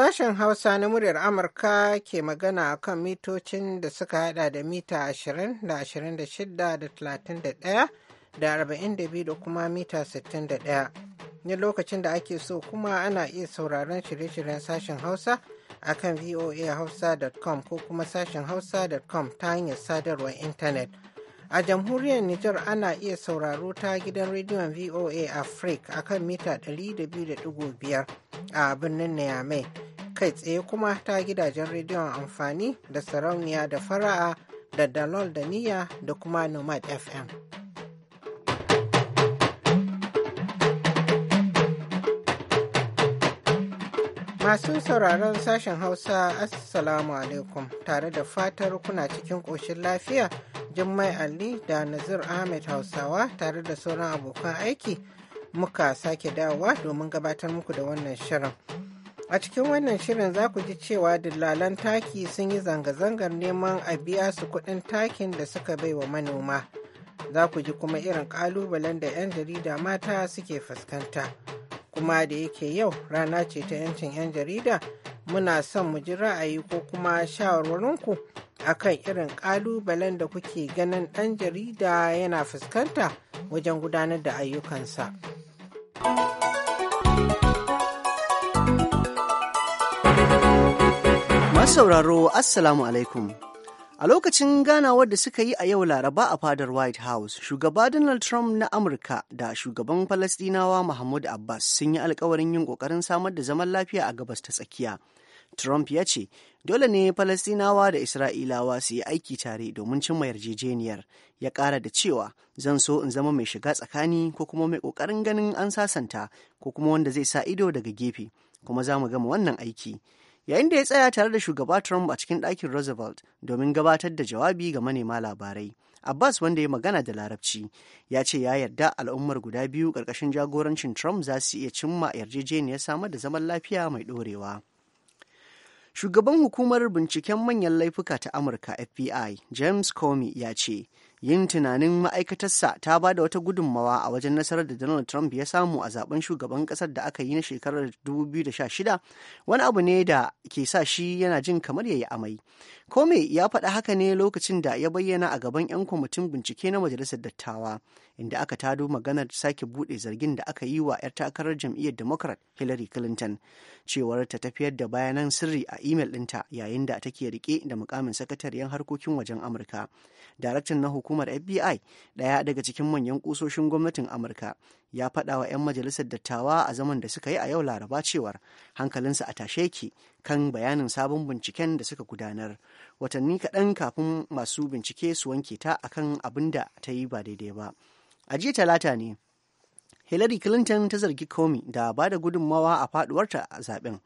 Sashen Hausa na muryar Amurka ke magana a kan mitocin da suka hada da mita 20 da 26 da 31 da 42 da kuma mita 61. Ni lokacin da ake so kuma ana iya sauraron shirye-shiryen sashen Hausa a kan voahausa.com ko kuma sashen hausa.com ta hanyar sadarwar intanet. A jamhuriyar Nijar ana iya sauraro ta gidan rediyon VOA Africa akan mita 200.5 a birnin Niamey. kai tsaye kuma ta gidajen rediyon amfani da sarauniya da fara'a da dalol da niyya da kuma nomad fm masu sauraron sashen hausa assalamu alaikum tare da fatar kuna cikin ƙoshin lafiya jummai ali da nazir ahmed hausawa tare da sauran abokan aiki muka sake dawowa domin gabatar muku da wannan shirin A cikin wannan shirin za ku ji cewa dillalan taki sun yi zanga-zangar neman a biya su kuɗin takin da suka bai wa manoma. Za ku ji kuma irin ƙalubalen da 'yan jarida mata suke fuskanta. Kuma da yake yau rana ce ta 'yancin 'yan jarida muna son mu ji ra'ayi ko kuma shawarwarinku akan irin ƙalubalen da kuke ganin ɗan jarida yana fuskanta wajen gudanar da ayyukansa. sauraro, Assalamu alaikum. A lokacin ganawar da suka yi a yau Laraba a fadar White House, shugaba Donald Trump na Amurka da shugaban Falasɗinawa Mahmud Abbas sun yi alkawarin yin ƙoƙarin samar da zaman lafiya a gabas ta tsakiya. Trump ya ce, dole ne Falasɗinawa da Isra'ilawa su yi aiki tare domin cimma yarjejeniyar. Ya ƙara da cewa, zan so in zama mai shiga tsakani ko kuma mai ƙoƙarin ganin an sasanta ko kuma wanda zai sa ido daga gefe, kuma za mu gama wannan aiki. yayin da ya tsaya tare da shugaba Trump a cikin ɗakin Roosevelt domin gabatar da jawabi ga manema labarai. Abbas wanda ya magana da larabci ya ce ya yarda al'ummar guda biyu ƙarƙashin jagorancin Trump za su iya cimma yarjejeniyar samar da zaman lafiya mai ɗorewa. Shugaban hukumar binciken manyan laifuka ta Amurka FBI James Comey ya ce yin tunanin ma'aikatarsa ta ba da wata gudunmawa a wajen nasarar da Donald Trump ya samu a zaben shugaban kasar da aka yi na shekarar 2016 wani abu ne da ke sa shi yana jin kamar ya yi amai. Kome ya faɗa haka ne lokacin da ya bayyana a gaban 'yan kwamitin bincike na Majalisar Dattawa inda aka tado maganar sake bude zargin da aka yi wa 'yar takarar jam'iyyar democrat hillary clinton cewar ta tafiyar da bayanan sirri a imel ɗinta yayin da take rike da mukamin sakatariyar harkokin wajen amurka daraktan na hukumar fbi ɗaya daga cikin manyan kusoshin gwamnatin amurka ya faɗa wa 'yan majalisar dattawa a zaman da suka yi a yau laraba cewar hankalinsa a tashe ki kan bayanin sabon binciken da suka gudanar watanni kaɗan kafin masu bincike su wanke ta akan abin da ta yi ba daidai ba a jiya talata ne hillary clinton ta zargi comey da ba da gudunmawa a faduwarta a zaben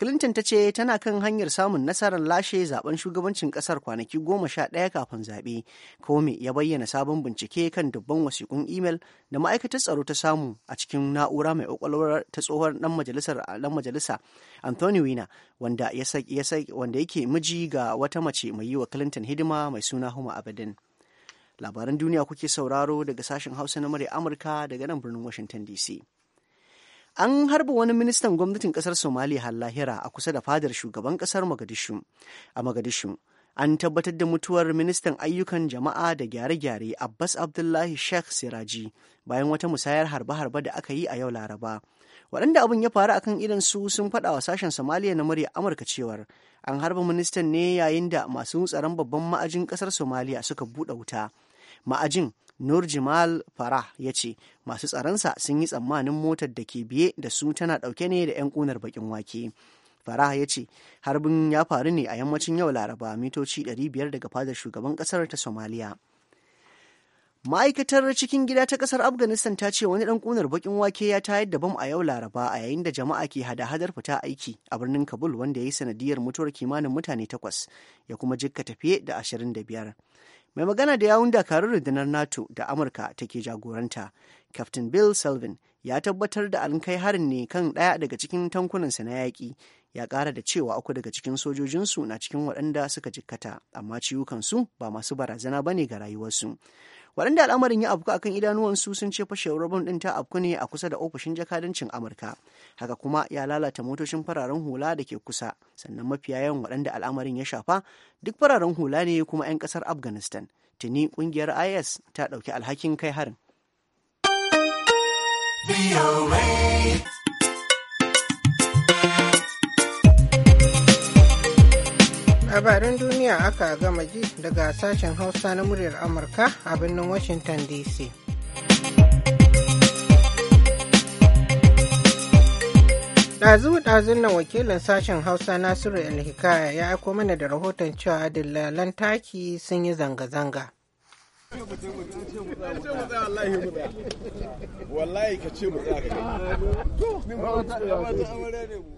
clinton ta ce tana kan hanyar samun nasarar lashe zaben shugabancin kasar kwanaki goma sha ɗaya kafin zaɓe komi ya bayyana sabon bincike kan dubban wasiƙun imel da ma'aikatar tsaro ta samu a cikin na'ura mai kwakwalwar ta tsohon ɗan majalisar ɗan majalisa anthony wina wanda yake miji ga wata mace mai yi wa clinton hidima mai suna huma abedin labaran duniya kuke sauraro daga sashen hausa na murya amurka daga nan birnin washington dc an harba wani ministan gwamnatin kasar somali lahira a kusa da fadar shugaban kasar magadishu a magadishu an tabbatar da mutuwar ministan ayyukan jama'a da gyare-gyare abbas abdullahi sheikh siraji bayan wata musayar harbe-harbe da aka yi a yau laraba waɗanda abin ya faru akan idan su sun faɗa wa sashen somaliya na murya amurka cewar an harba ministan ne yayin da masu tsaron babban ma'ajin ƙasar somaliya suka buɗe wuta ma'ajin nur jimal farah ya ce masu tsaronsa sun yi tsammanin motar da ke biye da su tana dauke ne da 'yan kunar bakin wake farah ya ce harbin ya faru ne a yammacin yau laraba mitoci 500 daga fadar shugaban kasar ta somaliya ma'aikatar cikin gida ta kasar afghanistan ta ce wani dan kunar bakin wake ya tayar da bam a yau laraba a yayin da jama'a ke hada-hadar fita aiki a birnin kabul wanda ya yi sanadiyar mutuwar kimanin mutane takwas ya kuma jikka tafiye da ashirin da biyar mai magana da yawun dakarun rundunar nato da amurka take jagoranta captain bill selvin ya tabbatar da an kai harin ne kan ɗaya daga cikin tankunansa na yaƙi ya ƙara da cewa uku daga cikin sojojinsu na cikin waɗanda suka jikkata amma ciwukansu ba masu barazana ba ne ga rayuwarsu waɗanda al'amarin ya afku akan su sun ce fashewar bom ɗin ta afku ne a kusa da ofishin jakadancin amurka haka kuma ya lalata motocin fararen hula da ke kusa sannan mafiya yawan waɗanda al'amarin ya shafa duk fararen hula ne kuma 'yan ƙasar afghanistan tuni ƙungiyar is ta ɗauki alhakin kai harin. labaran duniya aka gama ji daga sashen hausa na muryar amurka a birnin washington dc ɗazu-ɗazun nan wakilin sashen hausa nasiru alhikaya ya aiko mana da rahoton cewa dillalan taki sun yi zanga-zanga wallahi ka ce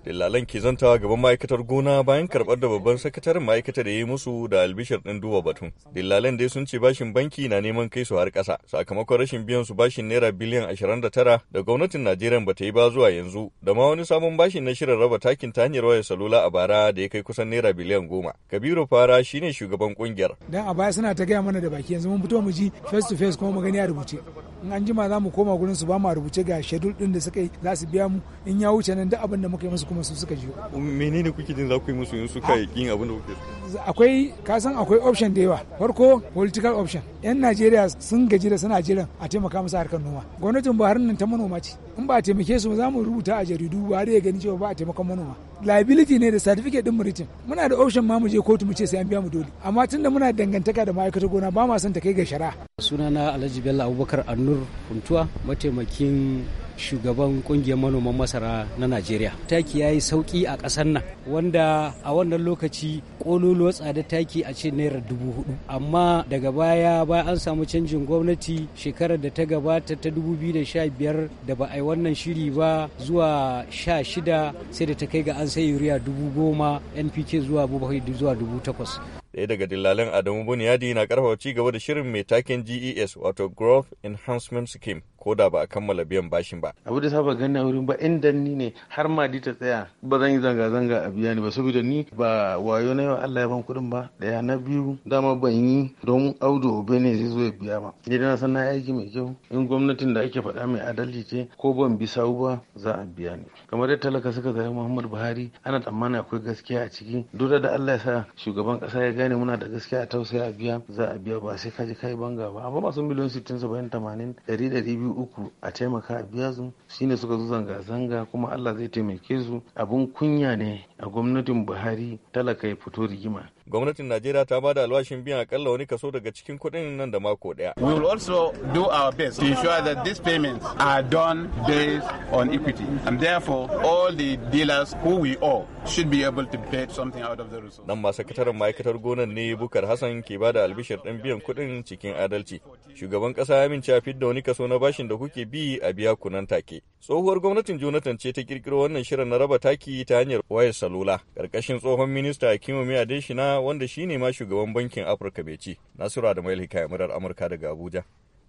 Dillalan ke zantawa gaban ma'aikatar gona bayan karɓar da babban sakataren ma'aikata da ya yi musu da albishar ɗin duba batun. Dillalan dai sun ce bashin banki na neman kai su har ƙasa sakamakon rashin biyan su bashin naira biliyan 29 da gwamnatin Najeriya ba ta yi ba zuwa yanzu da ma wani sabon bashin na shirin raba takin ta hanyar wayar salula a bara da ya kai kusan naira biliyan goma. Kabiru Fara shine shugaban kungiyar. Dan a baya suna ta gaya mana da baki yanzu mun fito mu ji face to face kuma mu gani a rubuce in an jima za mu koma gurin su ba mu a rubuce ga shedul din da suka yi za su biya mu in ya wuce nan duk abin da muka yi musu kuma su suka ji um, menene kuke jin za ku yi musu in suka ah. yi yin abin da kuke akwai ka akwai option da yawa farko political option yan Najeriya sun gaji da suna jiran a taimaka musu harkar noma gwamnatin Buhari nan ta manoma ce in ba a taimake su za mu rubuta a jaridu ba Buhari ya gani cewa ba a taimakon manoma liability ne da certificate din muritin muna da option ma mu je kotu mu ce sai an biya mu dole amma tunda muna dangantaka da ma'aikatar gona ba ma son ta kai ga shara sunana Alhaji Bello Abubakar Annur Kuntuwa mataimakin shugaban kungiyar manoman masara na Najeriya. Taki ya yi sauki a ƙasar nan wanda a wannan lokaci ƙololuwa tsada taki a ce naira dubu hudu. Amma daga baya bayan an samu canjin gwamnati shekarar da ta gabata ta dubu biyu da sha biyar da ba a yi wannan shiri ba zuwa sha shida sai da ta kai ga an sai yuriya dubu goma NPK zuwa bakwai zuwa dubu takwas. Ɗaya daga dillalan Adamu Bunyadi na karfafa ci gaba da shirin mai taken GES wato Growth Enhancement Scheme ko da ba a kammala biyan bashin ba. Abu da saba gani a wurin ba in ni ne har ma ta tsaya ba zan yi zanga-zanga a biya ni ba saboda ni ba wayo na yau Allah ya ban kuɗin ba ɗaya na biyu dama ban yi don Audu Obe ne zai zo ya biya ba. Ni na san na aiki mai kyau in gwamnatin da ake faɗa mai adalci ce ko ban bi sau ba za a biya ni. Kamar yadda talaka suka zaɓi Muhammadu Buhari ana tsammanin akwai gaskiya a ciki dole da Allah ya sa shugaban ƙasa ya gane muna da gaskiya a tausaya a biya za a biya ba sai ka ji kai banga ba amma masu miliyan sittin saba'in tamanin dari dari biyu uku a taimaka a biya su shine suka zo zanga-zanga kuma Allah zai taimake su abun kunya ne a gwamnatin Buhari talaka ya fito rigima Gwamnatin Najeriya ta bada alwashin biyan akalla wani kaso daga cikin kuɗin nan da mako ɗaya. We will also do our best to ensure that these payments are done based on equity and therefore all the dealers who we owe should be able to pay something out of the resource. Nan ma sakataren ma'aikatar gonar ne Bukar Hassan ke bada albishir ɗin biyan kuɗin cikin adalci. Shugaban ƙasa ya mince a fidda wani kaso na bashin da kuke bi a biya kunan take. Tsohuwar gwamnatin Jonathan ce ta kirkiro wannan shirin na raba taki ta hanyar wayar salula, karkashin tsohon minista Akimomi Adeshina wanda shi ne ma shugaban bankin Afirka ci Nasiru Adamu Hikaya Murar Amurka daga Abuja,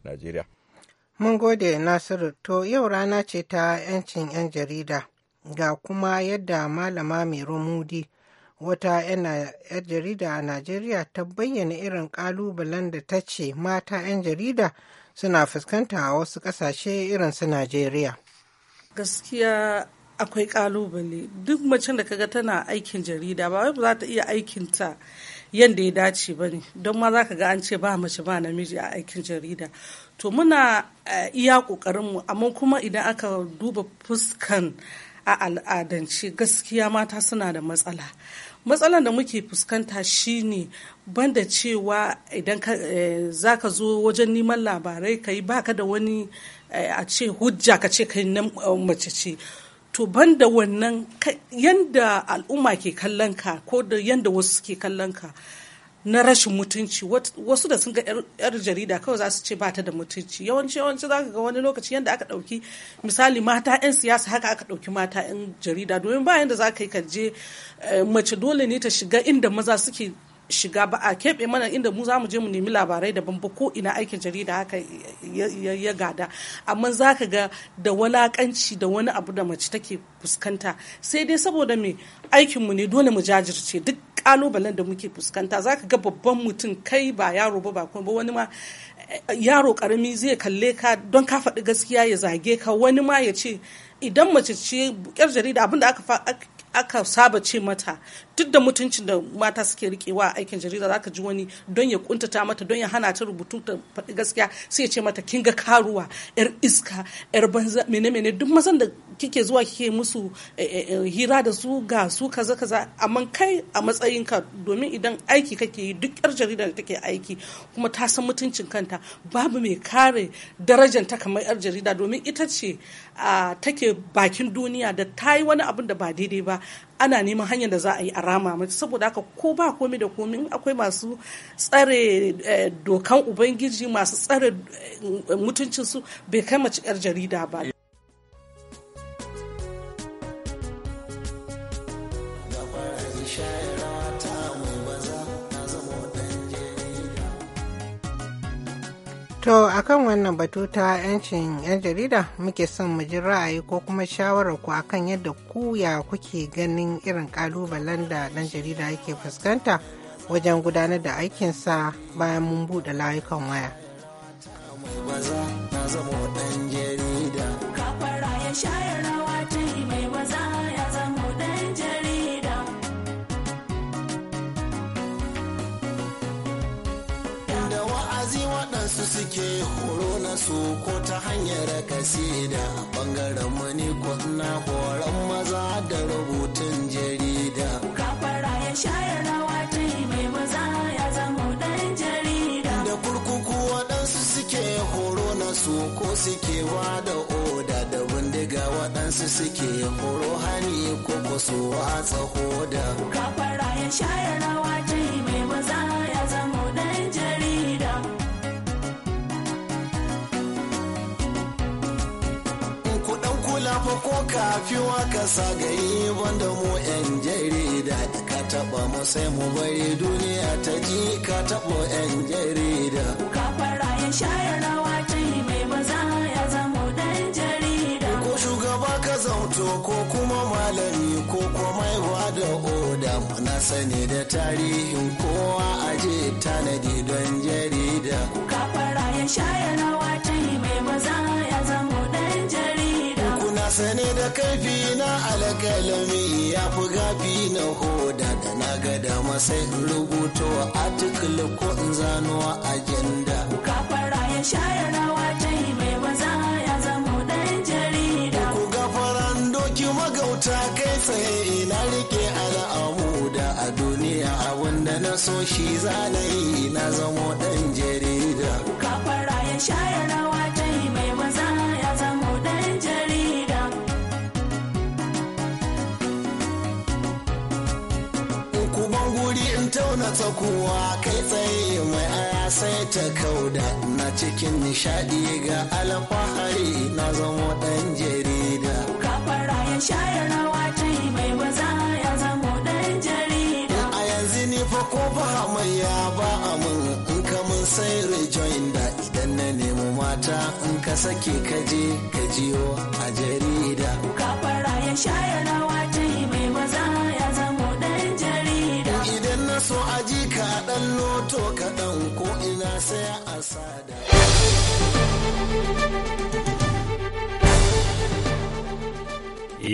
Najeriya. Mun gode Nasiru, to yau rana ce ta 'yancin 'yan jarida, ga kuma yadda malama mai Mudi wata 'yan jarida a Najeriya ta bayyana irin kalubalen da ta ce mata 'yan jarida suna fuskanta a wasu ƙasashe irin su Najeriya. gaskiya akwai kalubale duk macen da kaga tana aikin jarida ba ba za ta iya aikinta yadda ya dace ba ne don ma za ka ga an ce ba mace ba namiji a aikin jarida to muna eh, iya ƙoƙarinmu amma kuma idan aka duba fuskan a al'adance gaskiya mata suna da matsala matsalan da muke fuskanta shine banda cewa idan eh, za ka zo wajen neman labarai ka yi baka da wani Eh, a ce hujja ka ce kai nan eh, mace ce to ban da wannan yanda al'umma ke kallon ka ko da yanda wasu ke kallon ka na rashin mutunci wasu da sun ga yar jarida kawai za su ce ba ta da mutunci yawanci yawanci za ka ga wani lokaci yadda aka ɗauki misali mata 'yan siyasa haka aka ɗauki mata 'yan jarida domin ba yadda za ka yi je eh, mace dole ne ta shiga inda maza suke shiga ba a keɓe mana inda mu za mu je mu nemi labarai daban ba ko ina aikin jarida haka ya gada amma za ka ga da walakanci da wani abu da mace take fuskanta sai dai saboda me aikinmu ne dole mu jajirce duk kalubalen da muke fuskanta za ka ga babban mutum kai ba yaro ba ba wani ma yaro karami zai kalle ka don ka faɗi gaskiya ya zage ka wani ma ya ce idan mace ce yar jarida abin da aka aka saba ce mata duk da mutuncin da mata suke rikewa a aikin jarida zaka ji wani don ya kuntata mata don ya hana ta rubutu ta faɗi gaskiya sai ya ce mata kin ga karuwa yar iska yar banza mene mene duk mazan da kike zuwa kike musu eh, eh, eh, hira da su ga su kaza kaza amma kai a matsayin ka domin idan aiki kake yi duk yar jarida da take aiki kuma ta san mutuncin kanta babu mai kare darajanta kamar yar jarida domin ita ce ah, take bakin duniya da ta yi wani abin da ba daidai ba ana neman hanyar da za a yi a rama mace saboda haka ko ba komai da komi akwai masu tsare eh, dokan ubangiji masu tsare eh, mutuncinsu bai kai mace 'yar jarida ba To akan wannan batu ta 'yancin 'yan jarida muke son mu ji ra'ayi ko kuma shawarar ku akan yadda ku ya kuke ganin irin kalubalen da ɗan jarida yake fuskanta wajen gudanar da aikinsa bayan mun buɗe layukan waya. Baza na ya shayar su ko ta hanyar kasida bangaren mani na horon maza da rubutun jarida kafara ya shayar rawa ta yi mai maza ya zama dan jarida da kurkuku waɗansu suke horo na su ko suke da oda da bindiga waɗansu suke horo hani ko kusurwa tsaho da kafara ya shayar rawa ta yi mai maza ya zama ko kafiwa ka yi banda mu yan jarida ka taba mu sai mu bari duniya ta ji ka taba yan jarida ka fara yin shayar rawa ta yi mai maza ya zamo dan jarida ko shugaba ka zauto ko kuma malami ko kuma maiwa da oda na sani da tarihin kowa aje tanadi don jarida ka fara yin shayar rawa ta yi mai maza ya zamo da na alƙalami ya fi gafi na hoda da na ga dama sai in rubuto article ko in zano agenda. fara ya share rawa wace mai maza ya zamo ɗan jarida. Kuka faran doki magauta kai tsaye ina rike al'amu da a duniya abinda na so shi zanayi na zamo ɗan jarida. guri in tauna ta kai tsaye mai aya sai ta kauda na cikin nishadi ga alfahari na zamo dan jarida kafara ya share rawa ta mai maza ya zamo dan jarida a yanzu ni fa ko ba ya ba amin in ka mun sai da idan na nemi mata in ka sake kaje ka a jarida kafara ya share rawa so a aji kaɗan loto kaɗan ko ina sai a sada.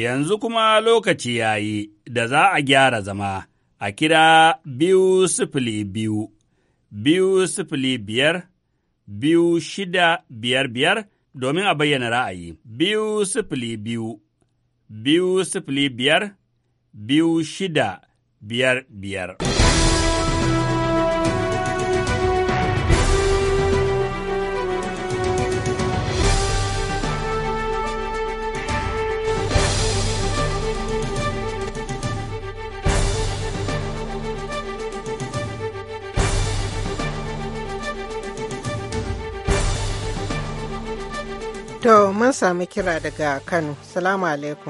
Yanzu kuma lokaci ya yi da za a gyara zama a kira biyu sifili biyu, biyu sifili biyar, biyu shida biyar biyar domin a bayyana ra'ayi. Biyu sifili biyu, biyu sifili biyar, biyu shida biyar biyar. To mun sami kira daga Kano. Salamu alaikum.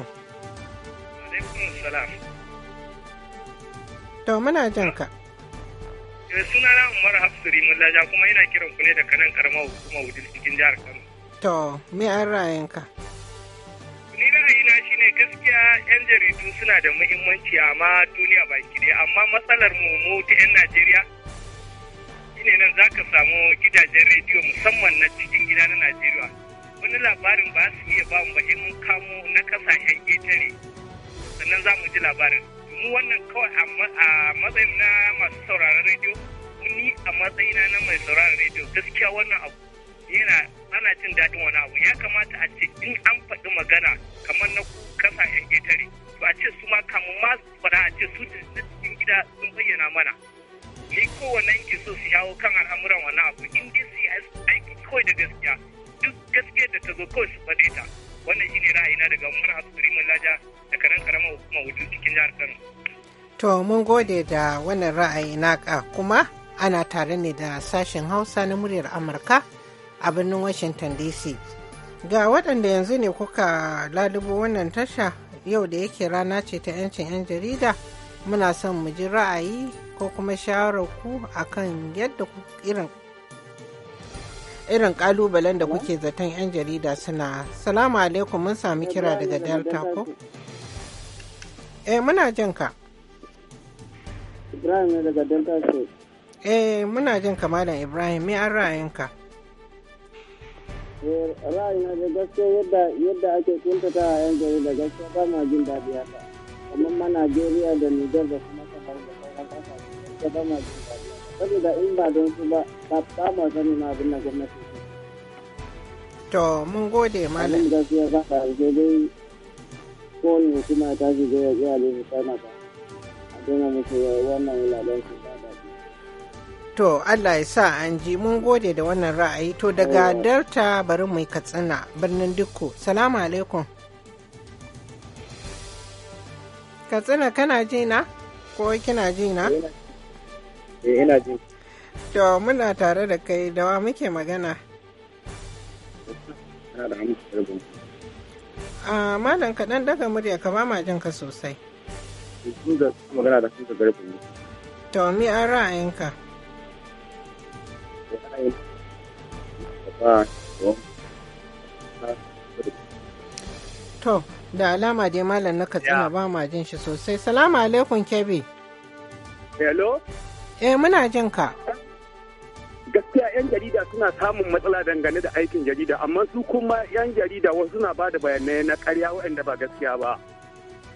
To muna jin ka. Eh, sunana Umar Hafsuri Mullaja kuma yana kiran ku ne da kanan karamar hukuma wudil cikin jihar Kano. To, me an ra'ayinka? Ni ra'ayina shine gaskiya 'yan jaridu suna da muhimmanci amma duniya baki ɗaya amma matsalar mu mu ta 'yan Najeriya shine nan za ka samu gidajen rediyo musamman na cikin gida na Najeriya wani labarin ba su iya ba mu ba mun kamo na kasashen ƙetare sannan za mu ji labarin mu wannan kawai a matsayin na masu sauraron rediyo ni a matsayina na mai sauraron rediyo gaskiya wannan abu yana ana jin daɗin wani abu ya kamata a ce in an faɗi magana kamar na kasashen ƙetare to a ce su ma kamun ma faɗa a ce su cikin gida sun bayyana mana ni kowanne ke so su shawo kan al'amuran wani abu in dai su yi aiki kawai da gaskiya duk gaske da ta zo kawai su faɗe ta wannan shine ra'ayina daga umar hasuri laja da karan karamar hukumar wajen cikin jihar kano. to mun gode da wannan ra'ayi naka kuma ana tare ne da sashen hausa na muryar amurka a birnin washington dc ga waɗanda yanzu ne kuka lalubo wannan tasha yau da yake rana ce ta 'yancin 'yan jarida muna son mu ji ra'ayi ko kuma shawararku akan yadda irin irin kalubalen da kuke zaton 'yan jarida suna salamu alaikum mun sami kira daga delta ko eh muna jin ka ibrahim daga delta ko eh muna jin ka malam ibrahim me an ra'ayinka eh, ra'ayin da gaske yadda ake kuntata a 'yan jarida gaske ba ma jin daɗi haka kamar ma najeriya da nijar da kuma kamar da sauran ƙasashe ba ma jin daɗi saboda in ba don su ba ba ma sanin abin na gwamnati To mun gode malam. Abin gaskiya ba ta rike dai kowane hukuma ta ji zai yaƙi a lokacin ba. A dina musu wannan wulaɗen su ba daɗi. To Allah ya sa an ji mun gode da wannan ra'ayi to daga eh. Delta bari mu katsina birnin Dikko. Salamu alaikum. Katsina kana ji na? Ko kina ji na? Eh ina ji. To muna tare da kai dawa muke magana. magana da Hamisu A malam kaɗan daga murya ka ba ma jin ka sosai. Kun da magana da Hamisu Garba. To mi an ra'ayinka? To, da alama dai malam na katsina ba ma jin shi sosai. Salamu alaikum Kebe. Hello? Eh muna jin ka. gaskiya 'yan jarida suna samun matsala dangane da aikin jarida amma su kuma 'yan jarida wasu suna ba da bayanai na karya waɗanda ba gaskiya ba.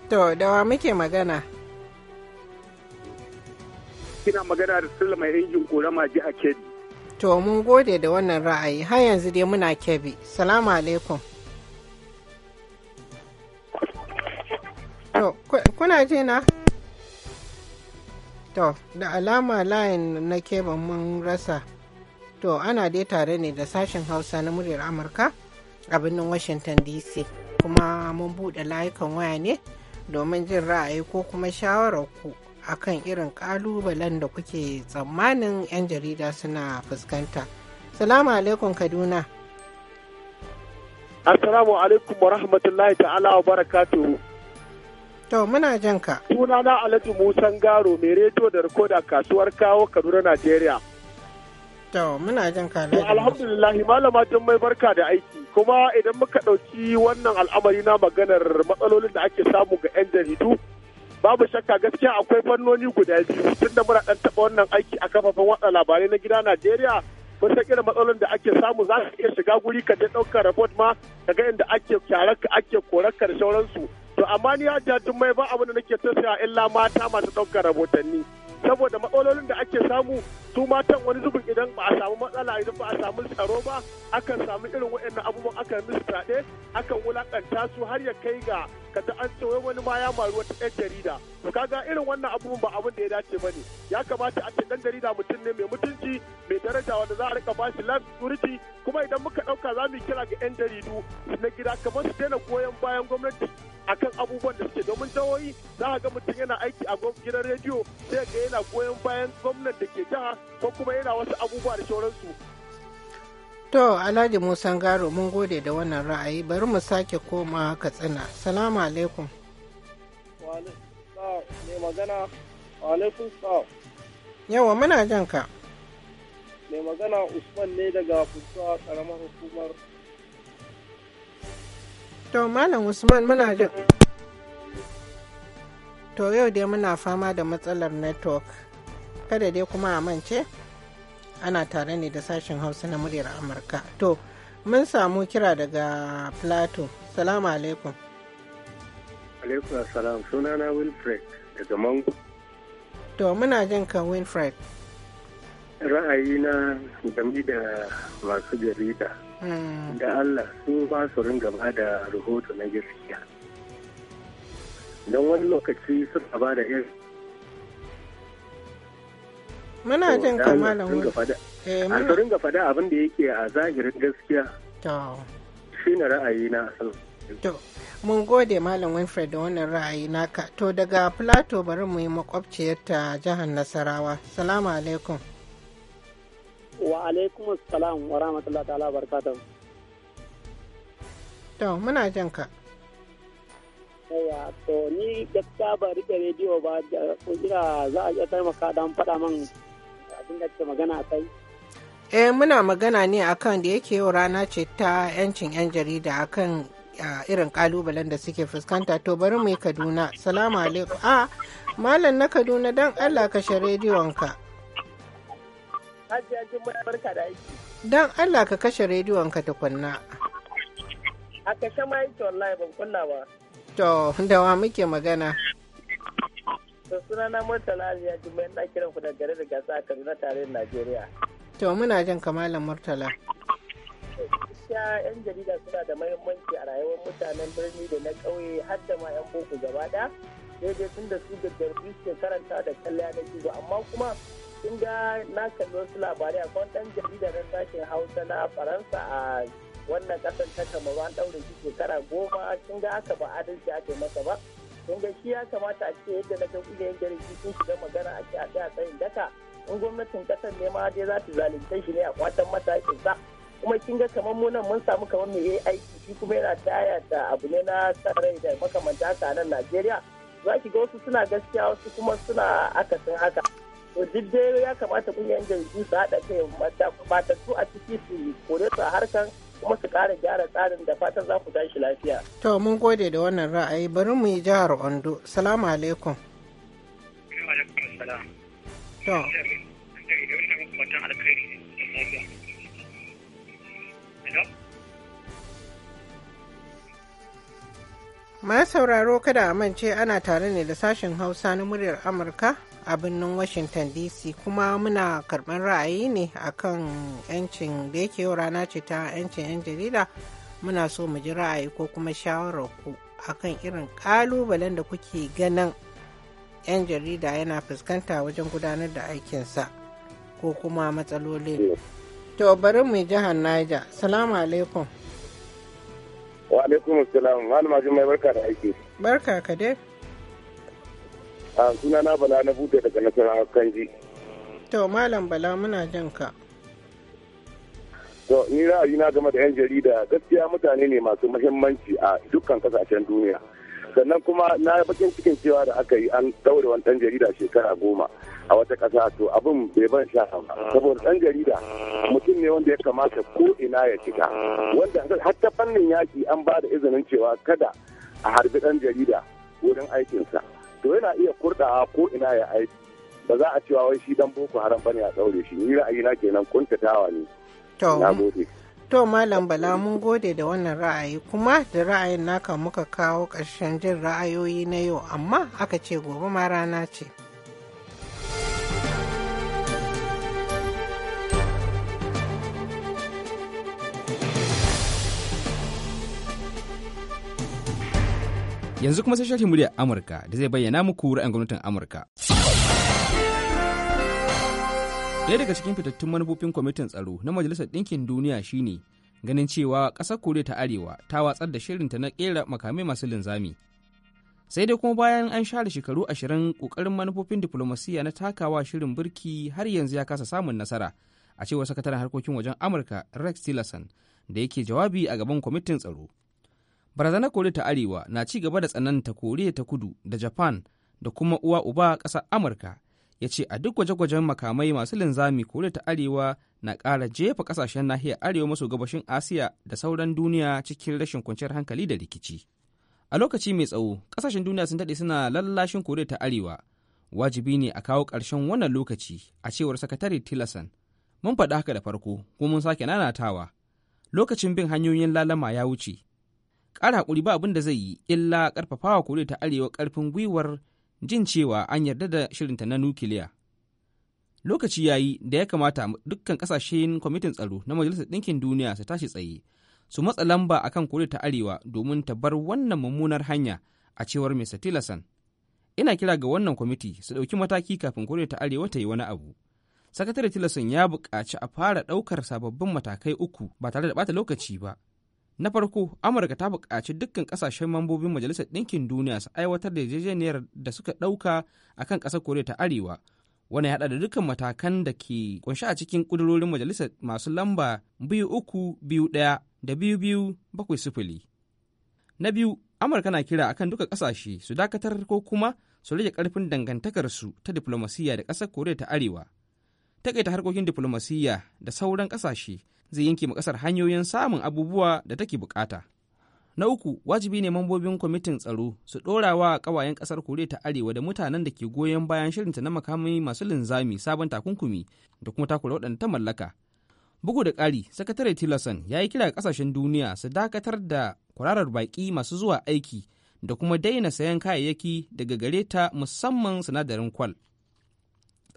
To, da wa muke magana? Kina magana da Sula mai injin korama ji a Kebbi. To, mun gode da wannan ra'ayi, har yanzu dai muna Kebbi. Salamu alaikum. To, kuna ji To, da alama layin na keban mun rasa. to ana dai tare ne da sashen hausa na muryar amurka a birnin washington dc kuma mun buɗe layukan waya ne domin jin ra'ayi ko kuma shawarar ku akan irin kalubalen da kuke tsammanin 'yan jarida suna fuskanta salamu alaikum kaduna assalamu alaikum wa rahmatullahi ta'ala wa barakatuhu to muna jan ka sunana alhaji musan garo mai reto da rikoda kasuwar kawo kaduna najeriya muna jin Alhamdulillah malama tun mai barka da aiki kuma idan muka ɗauki wannan al'amari na maganar matsalolin da ake samu ga 'yan jaridu babu shakka gaskiya akwai fannoni guda biyu tunda muna ɗan taɓa wannan aiki a kafafen watsa labarai na gida Najeriya kun san matsalolin da ake samu za su iya shiga guri ka je ɗaukar report ma ka ga inda ake kyararka ake korarka da sauransu to amma ni ya tun mai ba abin da nake tausaya illa mata masu ɗaukar rahotanni saboda matsalolin da ake samu su matan wani zubin idan ba a samu matsala idan ba a samu tsaro ba akan samu irin waɗannan abubuwan akan misraɗe akan wulakanta su har ya kai ga kada an ce wani ma ya maru wata ɗan jarida to kaga irin wannan abubuwan ba abin da ya dace bane ya kamata a ce ɗan jarida mutum ne mai mutunci mai daraja wanda za a rika shi life security kuma idan muka ɗauka za mu kira ga 'yan jaridu na gida kamar su daina goyon bayan gwamnati akan abubuwan da suke domin jihohi za a ga mutum yana aiki a gidan rediyo sai ga yana goyon bayan gwamnati da ke jiha ko kuma yana wasu abubuwa da sauransu to alhaji Musa garo mun gode da wannan ra'ayi bari mu sake koma katsina salamu alaikum mai magana alaikum yawa muna jan ka mai magana usman ne daga fusa karamar hukumar to malam usman muna jan to yau dai muna fama da matsalar network kada dai kuma a mance ana tare ne da sashen hausa na muryar amurka to mun samu kira daga plato salamu alaikum alaikum salam sunana wilfred daga mango to muna jin ka wilfred ra'ayina game da masu jarida hmm. da allah su ba su ringa ba da rahoto na gaskiya don wani lokaci suka ba da irin muna jin kamalan eh, a turin ga fada abin da yake a zahirin gaskiya shi na ra'ayi na to mun gode malam winfred da wannan ra'ayi naka to daga plato bari mu yi makwabciyar ta jihar nasarawa salamu alaikum wa alaikum salam wa rahmatullahi ta'ala barakatuhu to muna jan ka ya to ni gaskiya ba rike rediyo ba ina za a iya taimaka don faɗa man magana a eh muna magana ne akan da yake yau rana ce ta yancin yan jarida akan irin kalubalen da suke fuskanta to bari mu yi kaduna salamu alaikum a malam na kaduna don allah ka kashe rediyonka don allah ka kashe rediyonka tukunna a kashe ma yake wallahi ban kunna ba to da wa muke magana wato sunana Murtala Aliya Jimai na kiran ku da gare da gasa a Kaduna da Najeriya. To muna jin kamalan Murtala. Gaskiya 'yan jarida suna da mahimmanci a rayuwar mutanen birni da na ƙauye har da ma 'yan boko gaba ɗaya. Daidai tun da su da jarbi suke karanta da kalliya na gizo amma kuma sun ga na kalli wasu labarai a ɗan jarida na sashen Hausa na Faransa a wannan ƙasar ta ba an ɗaure shi shekara goma kin ga aka ba adalci ake masa ba. don shi ya kamata a ce yadda na ga kungiyoyin rikici sun shiga magana a ce a ta tsayin daka in gwamnatin kasar ne ma dai za ta zalunce shi ne a kwatan matakin sa kuma kin ga kamar mu nan mun samu kamar me yayi aiki shi kuma yana taya da abu ne na sa rai da makamanta ka nan Najeriya za ki ga wasu suna gaskiya wasu kuma suna akasin haka to duk dai ya kamata kungiyar jirgi su haɗa kai matattu a ciki su kore su a harkan kuma su ƙara gyara tsarin da fatan za ku tashi lafiya. To mun gode da wannan ra'ayi bari mu yi jihar Ondo. Salamu alaikum. To. Ma sauraro kada a mance ana tare ne da sashen Hausa na muryar Amurka a birnin washington dc kuma muna karɓar ra'ayi ne akan yancin da yake yau rana ce ta yancin 'yan jarida muna so mu ji ra'ayi ko kuma shawarar ku akan irin kalubalen da kuke ganin 'yan jarida yana fuskanta wajen gudanar da aikinsa ko kuma matsaloli to bari mu jihar hannaja salamu alaikum wa alaikum salam malama mai barka da aiki barka ka dai suna na bala na bude daga nasarawa kanji to malam bala muna jan ka to ni ra'ayi na game da yan jarida gaskiya mutane ne masu muhimmanci a dukkan kasashen duniya sannan kuma na bakin cikin cewa da aka yi an daure wani dan jarida shekara goma a wata kasa to abin bai ban sha saboda dan jarida mutum ne wanda ya kamata ko ina ya cika wanda har ta fannin yaki an ba da izinin cewa kada a harbi dan jarida wurin aikinsa to yana iya kurɗawa ko ina ya aiki ba za a cewa wai shi dan boko haram bane a daure shi ni ra'ayina kenan kuntatawa ne to na gode to malam bala mun gode da wannan ra'ayi kuma da ra'ayin naka muka kawo ƙarshen jin ra'ayoyi na yau amma aka ce gobe ma rana ce Yanzu kuma sai sharhin muryar Amurka da zai bayyana muku ra'ayin gwamnatin Amurka. Ɗaya daga cikin fitattun manufofin kwamitin tsaro na Majalisar Ɗinkin Duniya shine ganin cewa ƙasar Koriya ta Arewa ta watsar da shirinta na ƙera makamai masu linzami. Sai dai kuma bayan an share shekaru ashirin ƙoƙarin manufofin diflomasiyya na takawa shirin birki har yanzu ya kasa samun nasara a cewar sakataren harkokin wajen Amurka Rex Tillerson da yake jawabi a gaban kwamitin tsaro. barazanar kore ta arewa na ci gaba da tsananta koriya ta kudu da japan da kuma uwa uba ƙasar amurka ya ce a duk gwaje-gwajen makamai masu linzami koriya ta arewa na ƙara jefa ƙasashen nahiyar arewa maso gabashin asiya da sauran duniya cikin rashin kwanciyar hankali da rikici a lokaci mai tsawo ƙasashen duniya sun daɗe suna lallashin koriya ta arewa wajibi ne a kawo ƙarshen wannan lokaci a cewar sakatare tilasan mun faɗi haka da farko kuma mun sake nanatawa lokacin bin hanyoyin lalama ya wuce kara hakuri ba abin da zai yi illa ƙarfafawa koriya ta arewa karfin gwiwar jin cewa an yarda da shirinta na nukiliya lokaci ya yi da ya kamata dukkan ƙasashen kwamitin tsaro na majalisar ɗinkin duniya su tashi tsaye su matsa lamba akan koriya ta arewa domin ta bar wannan mummunar hanya a cewar mr tillerson ina kira ga wannan kwamiti su ɗauki mataki kafin koriya ta arewa ta yi wani abu sakatare tillerson ya buƙaci a fara ɗaukar sababbin matakai uku ba tare da ɓata lokaci ba Na farko, Amurka ta buƙaci dukkan ƙasashen mambobin Majalisar Ɗinkin Duniya su aiwatar da yarjejeniyar da suka ɗauka a kan ƙasar Koriya ta Arewa, wani haɗa da dukkan matakan da ke ƙunshi a cikin ƙudurorin majalisar masu lamba biyu uku biyu ɗaya da biyu biyu bakwai sifili. Na biyu, Amurka na kira akan duka ƙasashe su dakatar ko kuma su rage ƙarfin dangantakarsu ta diflomasiyya da ƙasar Koriya ta Arewa. Taƙaita harkokin diflomasiyya da sauran ƙasashe zai yanke ma kasar hanyoyin samun abubuwa da take bukata. Na uku, wajibi ne mambobin kwamitin tsaro su ɗora wa ƙawayen ƙasar Koriya ta Arewa da mutanen da ke goyon bayan shirinta na makamai masu linzami sabon takunkumi da kuma takura waɗanda ta mallaka. Bugu da ƙari, Sakatare Tillerson ya yi kira ƙasashen duniya su dakatar da kwararar baƙi masu zuwa aiki da kuma daina sayan kayayyaki daga gare ta musamman sinadarin kwal.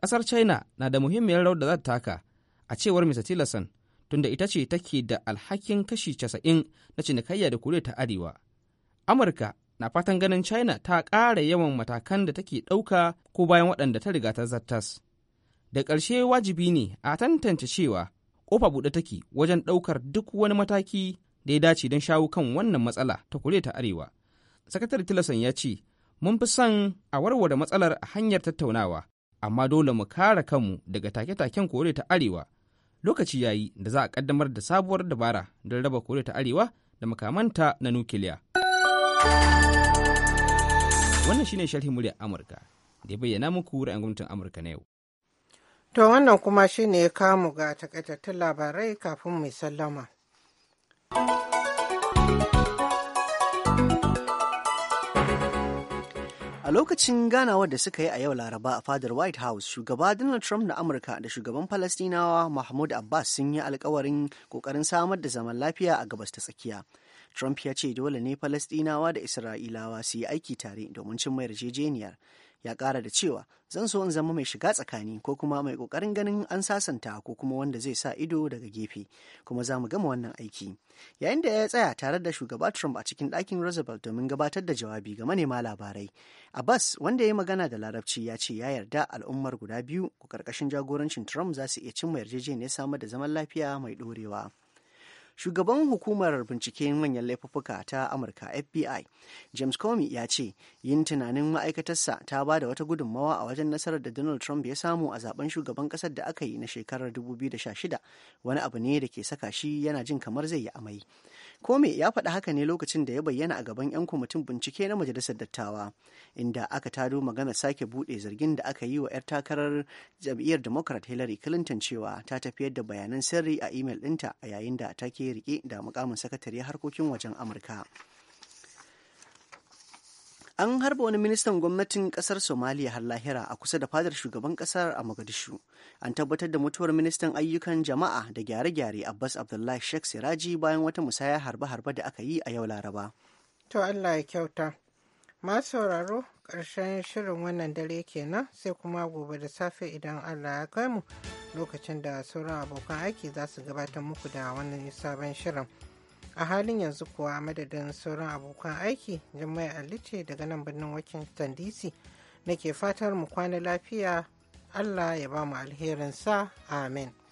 Ƙasar China na da muhimmiyar rawar da za ta taka, a cewar Mr. Tillerson, tunda ita ce take da alhakin kashi casa'in na cinikayya da kure ta arewa amurka na fatan ganin china ta ƙara yawan matakan da take ɗauka ko bayan waɗanda ta riga ta zattas da ƙarshe wajibi ne a tantance cewa ƙofa buɗe take wajen ɗaukar duk wani mataki da ya dace don shawo kan wannan matsala ta kure ta arewa sakatare tilasan ya ce mun fi son a warware matsalar a hanyar tattaunawa amma dole mu kare kanmu daga take-taken kore ta arewa lokaci ya yi da za a kaddamar da sabuwar dabara don raba koriya ta arewa da makamanta na nukiliya wannan shine sharhin muryar amurka da ya bayyana muku ra'ayin gwamnatin amurka na yau to wannan kuma shine ya kamu ga takaitattun labarai kafin mai sallama. A lokacin ganawar da suka yi a yau Laraba a fadar White House, shugaba Donald Trump na Amurka da shugaban Falastinawa Mahmud Abbas sun yi alkawarin kokarin samar da zaman lafiya a gabas ta tsakiya. Trump ya ce dole ne Falastinawa da Isra'ilawa su yi aiki tare domin cin yarjejeniyar ya kara da cewa zan so in zama mai shiga tsakani ko kuma mai ƙoƙarin ganin an sasanta ko kuma wanda zai sa ido daga gefe kuma za mu gama wannan aiki yayin da ya tsaya tare da shugaba trump a cikin ɗakin roosevelt domin gabatar da jawabi ga manema labarai abbas wanda ya yi magana da larabci ya ce ya yarda al'ummar guda biyu ko ƙarƙashin jagorancin trump za su iya cimma yarjejeniyar samar da zaman lafiya mai ɗorewa. shugaban hukumar binciken manyan laifuffuka ta amurka fbi james comey ya ce yin tunanin ma'aikatarsa ta ba da wata gudunmawa a wajen nasarar da donald trump ya samu a zaben shugaban kasar da aka yi na shekarar 2016 wani abu ne da ke saka shi yana jin kamar zai yi amai Kome ya faɗi haka ne lokacin da ya bayyana a gaban 'yan kwamitin bincike na Majalisar Dattawa, inda aka tado magana sake buɗe zargin da aka yi wa 'yar takarar jam'iyyar Democrat Hillary Clinton cewa ta tafiyar da bayanan sirri a imel ɗinta a yayin da take rike da mukamin sakatare harkokin wajen Amurka. an harba wani ministan gwamnatin kasar somaliya har lahira a kusa da fadar shugaban kasar a mogadishu an tabbatar da mutuwar ministan ayyukan jama'a da gyare-gyare abbas abdullahi sheikh siraji bayan wata musaya harbe-harbe da aka yi a yau laraba to allah ya kyauta masu sauraro ƙarshen shirin wannan dare kenan sai kuma gobe da safe idan allah ya kai mu lokacin da sauran abokan aiki za su gabatar muku da wannan sabon shirin a halin yanzu kuwa madadin sauran abokan aiki jami'ai alice daga nan birnin washington dc nake fatar mu kwana lafiya allah ya ba mu alherinsa amen